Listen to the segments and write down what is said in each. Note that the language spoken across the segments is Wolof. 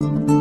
thank you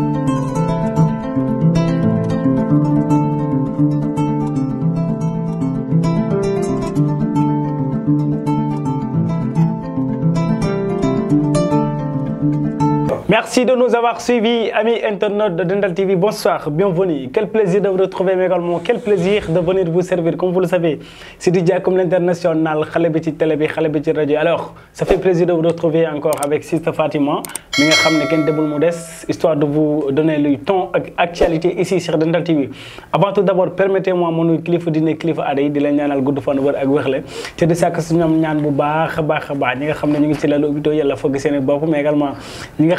Merci de nous avoir suivis, amis internautes de Dendal TV. Bonsoir, bienvenue. Quel plaisir de vous retrouver également. Quel plaisir de venir vous servir. Comme vous le savez, c'est déjà comme l'international, Khalebeti Telebi, Khalebeti Radio. Alors, ça fait plaisir de vous retrouver encore avec Sister Fatima. Mais modeste, histoire de vous donner le temps actualité ici sur Dendal TV. Avant tout d'abord, permettez-moi mon cliff dîner cliff à de la nyanal good fan word ak wexle té de sak suñu ñaan bu baax baax baax ñi nga xamné ñu ngi ci la lobito yalla fogg seen bop mais également ñi nga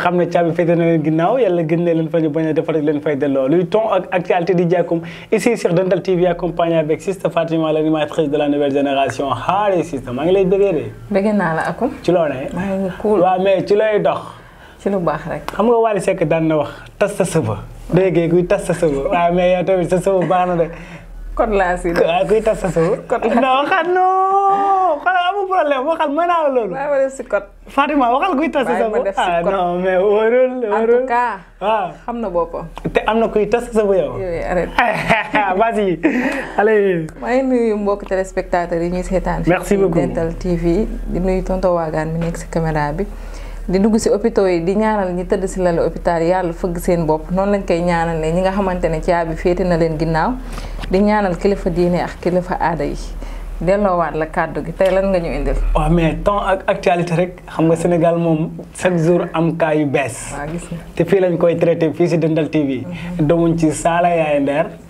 bi féete na leen ginnaaw yàlla gën na leen fa bañ a defar leen fay delloo luy ton ak actualité di jàkkum ici sur Dental TV accompagné avec Sista Fatima l'animatrice de la nouvelle génération xaari Sista maa ngi lay bëggee de. bëgg naa la akum. ci loo ne. maa ngi cool waaw mais ci lay dox. ci lu baax rek. xam nga Wally Seck daan na wax tas sa sëba. déggee kuy tas sa sëba waaw mais yow tamit sa sëba baax na de. kon laa si waaw kuy tas sa suuf. kon non waxal non xoolal amul def si kot. Fatima waxal kuy tas sa suuf ah non mais warul warul. en tout xam na boppam. te am na kuy tas sa suuf yow. yooyu arrêté. vas-y allez. maa ngi yi ñuy seetaan. merci beaucoup Dental TV di nuyu tonton Wagan mi nekk si caméra bi. di dugg si hôpitaux yi di ñaanal ñi tëdd si lalu hôpital yàlla fëgg seen bopp noonu lañ koy ñaanal ne ñi nga xamante ne caabi féete na leen ginnaaw di ñaanal kilifa diine ak kilifa aada yi delloowaat la kàddu gi tey lan nga ñu indil. waaw mais temps ak actualité rek xam nga Sénégal moom chaque jour am cas yu bees. te fii lañ koy traité fii ci Dentale TV. Mhm. demuñ ci Sala Yaye Nder.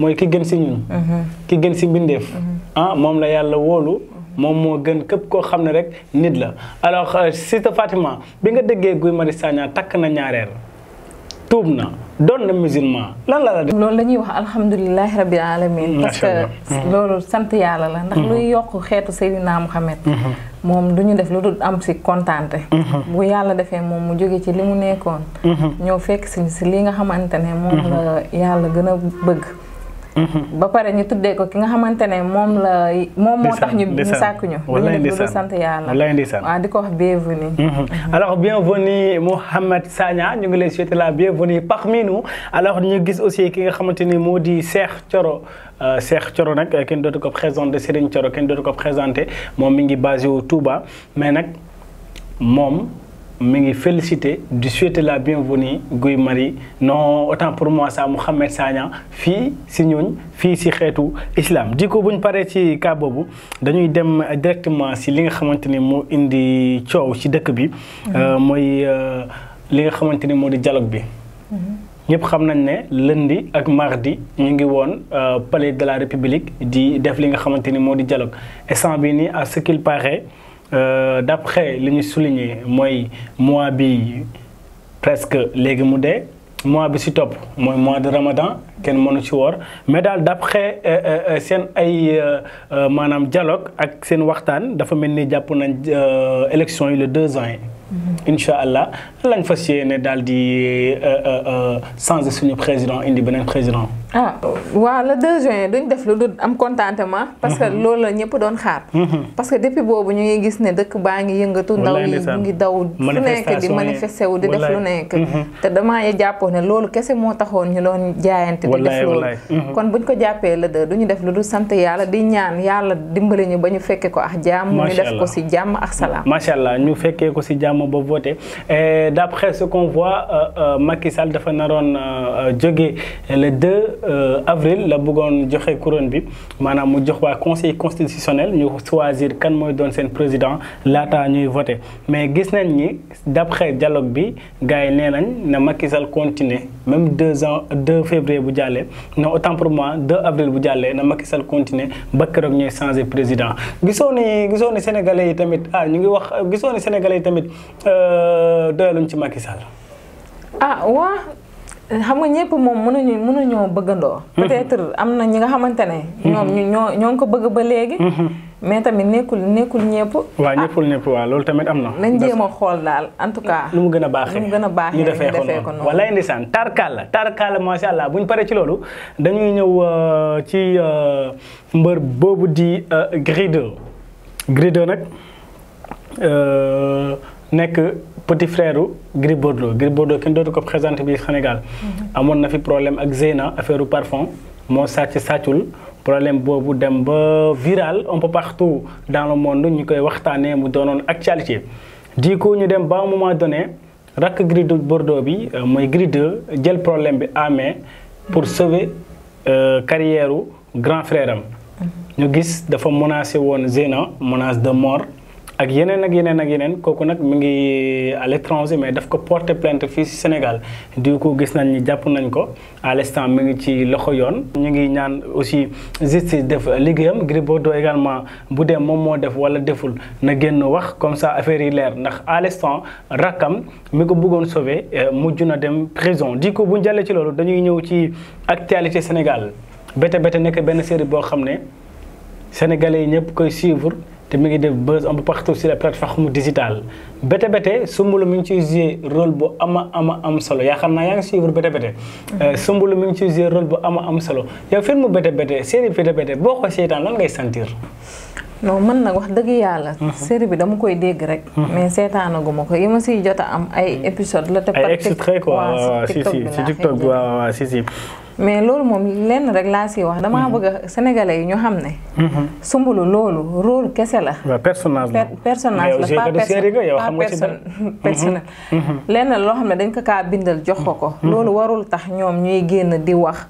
mooy ki gën si ñun mhm. ki gën si mbindeef mhm. ah moom la yàlla woolu mhm. moom moo gën képp koo xam ne rek nit la alors euh, Sista Fatima bi nga déggee Guy Marius Sagna takk na ñaareel tuub na doon na musulman lan la la def loolu la ñuy wax alhamdulilahi rabbil alamin mm, parce mm. loolu sant yàlla la ndax mm-hmm. luy yokk xeetu Seydina Muhammad mm-hmm. moom du ñu def lu dul am si kontaante mm-hmm. bu yàlla defee moom mu jóge ci li mu nekkoon ñëw fekk si li nga xamante ne moom la yàlla gën a bëgg ba pare ñu tuddee ko ki nga xamante ne moom la moom moo tax ñu sàkk ñu walaay ndeysaan sant yàlla walaay ndeysaan waaw di ko wax bienvenue mhm. alors bienvenue Mouhamed Sagna ñu ngi lay souhaiter la bienvenue parmi nous alors ñu gis aussi ki nga xamante ni moo di Cheikh coro euh, Cheikh Thioro nag kenn dootu ko présenté Serigne Thioro kenn dootu ko présenté moom mi ngi basé wu Touba mais nag moom mingi ngi félicité di souhaiter la bienvenue Guy Marie non autant pour moi ça Mohamed Sanya fi si fi fii si xétu islam diko buñ paré ci ka bobu dañuy dem directement si li nga xamante ni indi ciow ci dëkk bi euh, moy mhm. euh, li nga xamante ni dialogue bi mhm. ñëpp xam nañ lundi ak mardi ñi ngi woon euh, palais de la république di def li nga xamante ni dialogue. Et dialogue instant bi nii à ce qu'il paraît euh, d'après li ñu souligné moi mois bi presque les mu moi mois bi si top, moi mois de ramadan ken mënu ci mais d'après euh, euh, s'en ay manam dialogue ak seen waxtaan dafa mel ni nañ élection le deux ans yi mm-hmm. incha allah lañ fas yéene daal di changer suñu président indi président ah waaw la 2 juin duñ def lu dul am contentement. parce que mhm. loolu la ñëpp doon xaar. Mhm. parce que depuis boobu ñu ngi gis ne dëkk baa ngi yëngatu. ndaw yi mu ngi daw. lu nekk di manifester wu di def lu nekk. Mhm. te damaa ya ne loolu kese moo taxoon ñu doon jaayante. di def loolu kon buñ ko jàppee le 2 def lu dul sant yàlla di ñaan yàlla dimbali ñu ba ñu fekkee ko ak jàmm. ñu def ko si jàmm ak salaam. macha allah ñu fekkee ko si jàmm ba voté d'après ce qu'on voit euh, euh, Macky Sall dafa naroon euh, jóge le 2. Euh, avril la bëggoon joxe couronne bi manam mu jox waa conseil constitutionnel ñu choisir kan moy doon sen président lata ñuy voté mais gis nañ ni d'après dialogue bi gaay yi nañ na Macky Sall continuer même deux ans 2 février bu jàllee non autant pour moi 2 avril bu jàllee na Macky Sall continuer ba ak ñuy changer président gisoo ni sénégalais yi tamit ah ñu ngi wax gisoo sénégalais yi tamit euh, doyaluñ ci Macky Sall ah wa xam nga ñëpp moom mënuñu mënuñoo bëggandoo. Mm-hmm. peut-être am na ñi nga xamante ne. Mm-hmm. ñoom ñu ñoo ñoo ngi ko bëgg ba léegi. Mm-hmm. mais tamit nekkul nekkul ñëpp. waaw ñëppul ah. ñëpp waaw loolu tamit am na. nañ jéem a xool daal en tout cas. nu mu gën a baaxee nu mu gën a baaxee ñu defee ko noonu walaay ndeysaan tarkalla tarkalla macha allah bu ñu paree ci loolu dañuy ñëw euh, ci euh, mbër boobu di euh, Gris 2 Gris 2 nag. nek petit frère Gris Bordeaux Gris Bordeaux ko présenté bi Sénégal. Mhm. a na fi problème ak Zena, affaire parfum mo sàcc sàccul problème bobu dem ba viral On peut partout dans le monde ñi koy waxtane mu donon actualité. di ko ñu dem ba un moment donné rak Gris Bordeaux bi euh, moy Gris jël problème bi amé pour mhm. sauver euh, carrière grand frère am. Mhm. ñu gis dafa menacé won Zena menace de mort ak yeneen ak yeneen ak yeneen kooku nag mu ngi à l'étranger mais daf ko porter plainte fii ci Sénégal di ko gis nañ ni jàpp nañ ko à l'instant mi ngi ci loxo yoon. ñu ngi ñaan aussi justice def liggéeyam Gris Bordeaux également bu dee moom moo def wala deful na génn wax comme ça affaire yi leer ndax à l'instant rakam mi ko bëggoon sauver euh, mujj na dem prison di ko bu ñu ci loolu dañuy ñëw ci actualité Sénégal bete bete nekk benn série boo xam ne sénégalais yi ñëpp koy suivre. te mi ngi def buzz un peu partout sur les plateformes digitales Bété Bété Soumboulou mi ngi ci joué rôle bu ama ama am solo xam naa yaa ngi suivre Bété Bété. Mhm. Euh, Soumboulou mu ngi ci joué rôle bu ama am solo yow film Bété Bété série Bété Bété boo ko seetaan lan ngay sentir. non mën nag wax dëgg yàlla. Mhm. série bi dama koy dégg rek. Mhm. mais gu ma ko yi ma si jot a am ay épisode la. te par TikTok ay extrait quoi waaw si si si TikTok bi waaw mais loolu moom lenn rek laa si wax damaa mhm. bëgg a yi ñu xam ne. Mhm. sumbulu loolu rôle kese la. waaw personnage la personnage la pas personne mhm. personnel. lenn loo xam ne dañ ko kaa bindal jox ko ko. loolu warul tax ñoom ñuy génn di wax.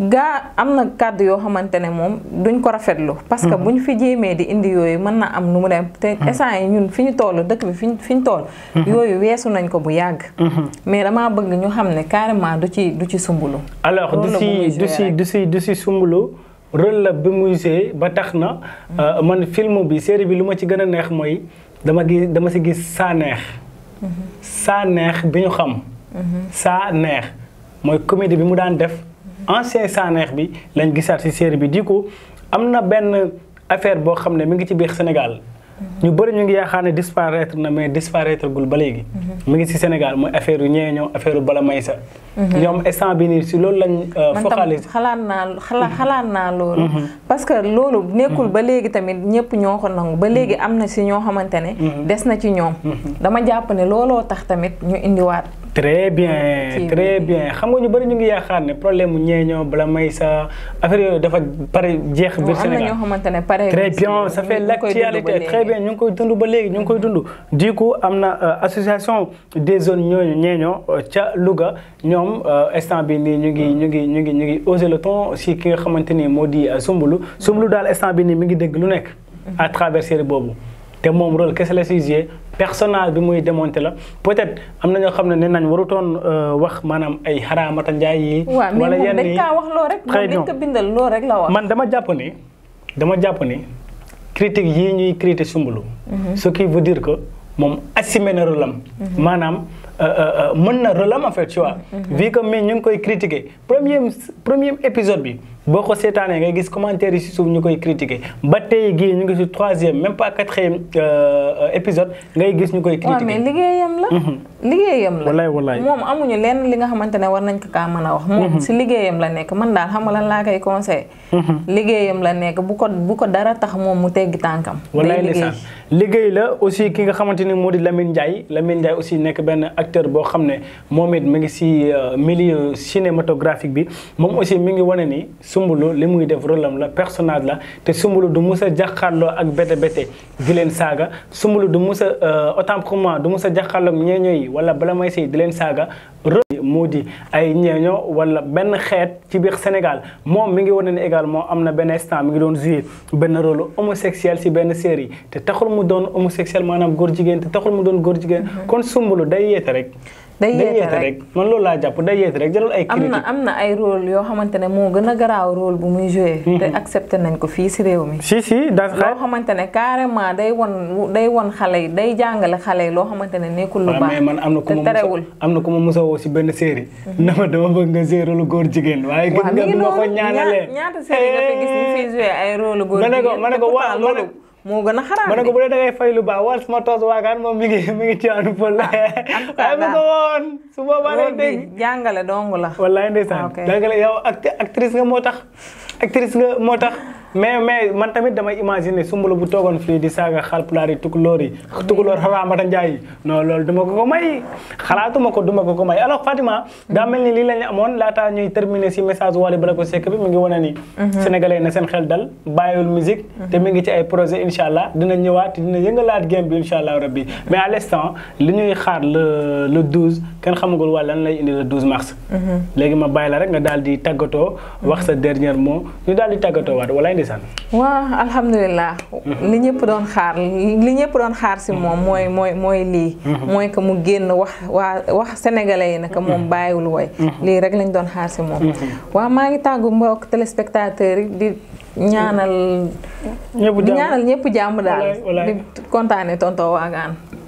gaa am na kàdd yoo xamante ne moom duñ ko rafetlu. parce que ñu fi jéemee di indi yooyu mën na am nu mu dem te instant yi ñun fi ñu toll dëkk bi fi ñu fi ñu toll. yooyu weesu nañ ko bu yàgg. mais damaa bëgg ñu xam ne carrément du ci du ci sumbulu. du si du si du si sumbulu rôle la bi muy ba tax na euh, man film bi série bi lu ma ci gën a neex mooy dama gis dama si gis saa neex mhm. saa neex bi ñu xam mhm. saa neex mooy comédie bi mu daan def mhm. ancien saa neex bi lañ gisaat si série bi di ko am na benn affaire boo xam ne mi ngi ci biir Sénégal ñu bëri ñu ngi yaakaar ne disparaître na mais disparaître gul ba léegi. Mhm. mu ngi ci Sénégal mooy affaire yu ñee ñoom affaire bala may sa. Mhm. ñoom instant bi nii si loolu lañ. Euh, focaliser xalaat naa xalaat mhm. xalaat naa loolu. parce que loolu nekkul ba léegi tamit ñëpp ñoo ko nangu ba léegi am na si ñoo xamante ne. des na ci ñoom. dama jàpp ne looloo tax tamit ñu indiwaat. très bien très bien xam nga ñu bari ñu ngi yaakaar ne problème ñeño bla may sa affaire yooyu dafa pare jeex biir Sénégal très bien ça fait l'actualité très bien ñu ngi koy dund ba léegi ñu ngi koy dund du coup am na euh, association des zones ñooñu ñeeñoo euh, ca Louga ñoom euh, instant bi nii ñu ngi ñu ngi ñu ngi ñu ngi osé le ton si ki nga xamante ni moo di Soumboulou Soumboulou daal instant bi nii mi ngi dégg lu nekk à traverser boobu te moom rôle kese la siy joué personnage bi muy démonté la peut-être am na ñoo xam ne nee nañ warutoon euh, wax maanaam ay xaraamata njaay yi. wala yenn yi waaw wax loo rek. dañ ko bindal loo rek la wax. man dama jàpp ni dama jàpp ni critique yii ñuy critiquer Soumboulou. Mhm. ce qui veut dire que moom assumé na rôle am. Mhm. maanaam euh, euh, mën na rôle am en fait tu vois. Mhm. vu que ñu ngi koy critiquer premier premier épisode bi. boo ko seetaanee nga gis commentaire yi si suuf ñu koy critiquer ba tey gii ñu ngi si troisième même pas quatrième euh, épisode ngay gis ñu koy. critiquer waaw mais liggéeyam la. Mhm. liggéeyam la wallaay wallaay moom amuñu lenn li nga xamante ne war nañ ko kaa mën a wax. moom si mhm. liggéeyam la nekk man daal xam nga lan laa koy conseil mhm. liggéeyam la nekk bu ko bu ko dara tax moom mu teggi tànkam. wallaay liggéey liggéey la aussi ki nga xamante ni moo di Lamine Ndiaye Lamine Ndiaye nekk benn acteur boo xam ne moom it mi ngi si euh, milieu cinématographique bi moom aussi mi ngi wane nii Soumboulou li muy def rôle am la personage la te Soumboulou du mus a jàkkaarloo ak bete bete di leen saaga Soumboulou du musa a euh, autant du mus a jàkkaarloo ak ñeeño yi wala bala may sëy di leen saaga rôle moo di ay ñeeño wala benn xeet ci biir Sénégal moom mi ngi wane ne également am na benn instant mi ngi doon jouer benn rôle homosexuel si benn série te taxul mu doon homosexuel maanaam góor jigéen te taxul mu doon góor jigéen mhm. kon Soumboulou day yeete rek day yeete rek man loolu laa jàpp day yeete rek jarul ay. am na am na ay rôle yoo xamante ne moo gën a garaaw rôle bu mu joué. Mhm. te accepté nañ ko fii si réew mi. si loo xamante ne carrément day won day won xale yi day jàngale xale yi loo xamante ne nekkul lu baax. te terewul am na ku ma musa woo si benn série. Mhm. na ma dama bëgg nga joué rôle góor jigéen. waaye gis nga du ma ko ñaanalee ñaata série nga fi gis ñu fiy joué ay rôle góor jigéen. ma ne ko ma ne ko waaw loolu moo gën a xaraam ma ne ko bu dee da fay lu baax wal sama ma waakaan moom mi ngi mi ngi ci ànd pël la waaye ah, bu ko woon su boobaa lay dégg jàngale dong la wallaay ndeysaan jàngale yow actrice nga moo tax actrice nga moo tax mais mais man tamit damay imaginer la bu toogoon fii di saaga xalpulaar yi tukulóor yi tukulóor xawaamata njaay yi non duma ko ko may xalaatuma ko duma ko ko may alors Fatima daa mel ni lii lañu amoon laataa ñuy terminer si message Wally Ballago Seck bi mi ngi wane ni mhm. sénégalais na seen xel dal bàyyiwul musique mhm. te mi ngi ci ay projet incha allah dina ñëwaat dina yëngalaat game bi incha allah rabbi mais à l'instant li ñuy xaar la le kenn xamagul waa lan lay indi le 12 mhm. léegi ma bàyyi la rek nga daal di tàggatoo wax sa dernier mot daal di tàggatoo waat waa waaw alhamdulilah mhm. li ñëpp doon xaar li ñëpp doon xaar si moom mhm. mooy mooy mooy lii mhm. mooy que mu génn wax waa wax sénégalais yi nag moom bàyyiwul woy lii rek lañ doon xaar si moom waa maa ngi tàggu mbokk téléspectateurs yi di ñaanal ñaanal ñëpp jàmm daal di kontaane tontoo waagaan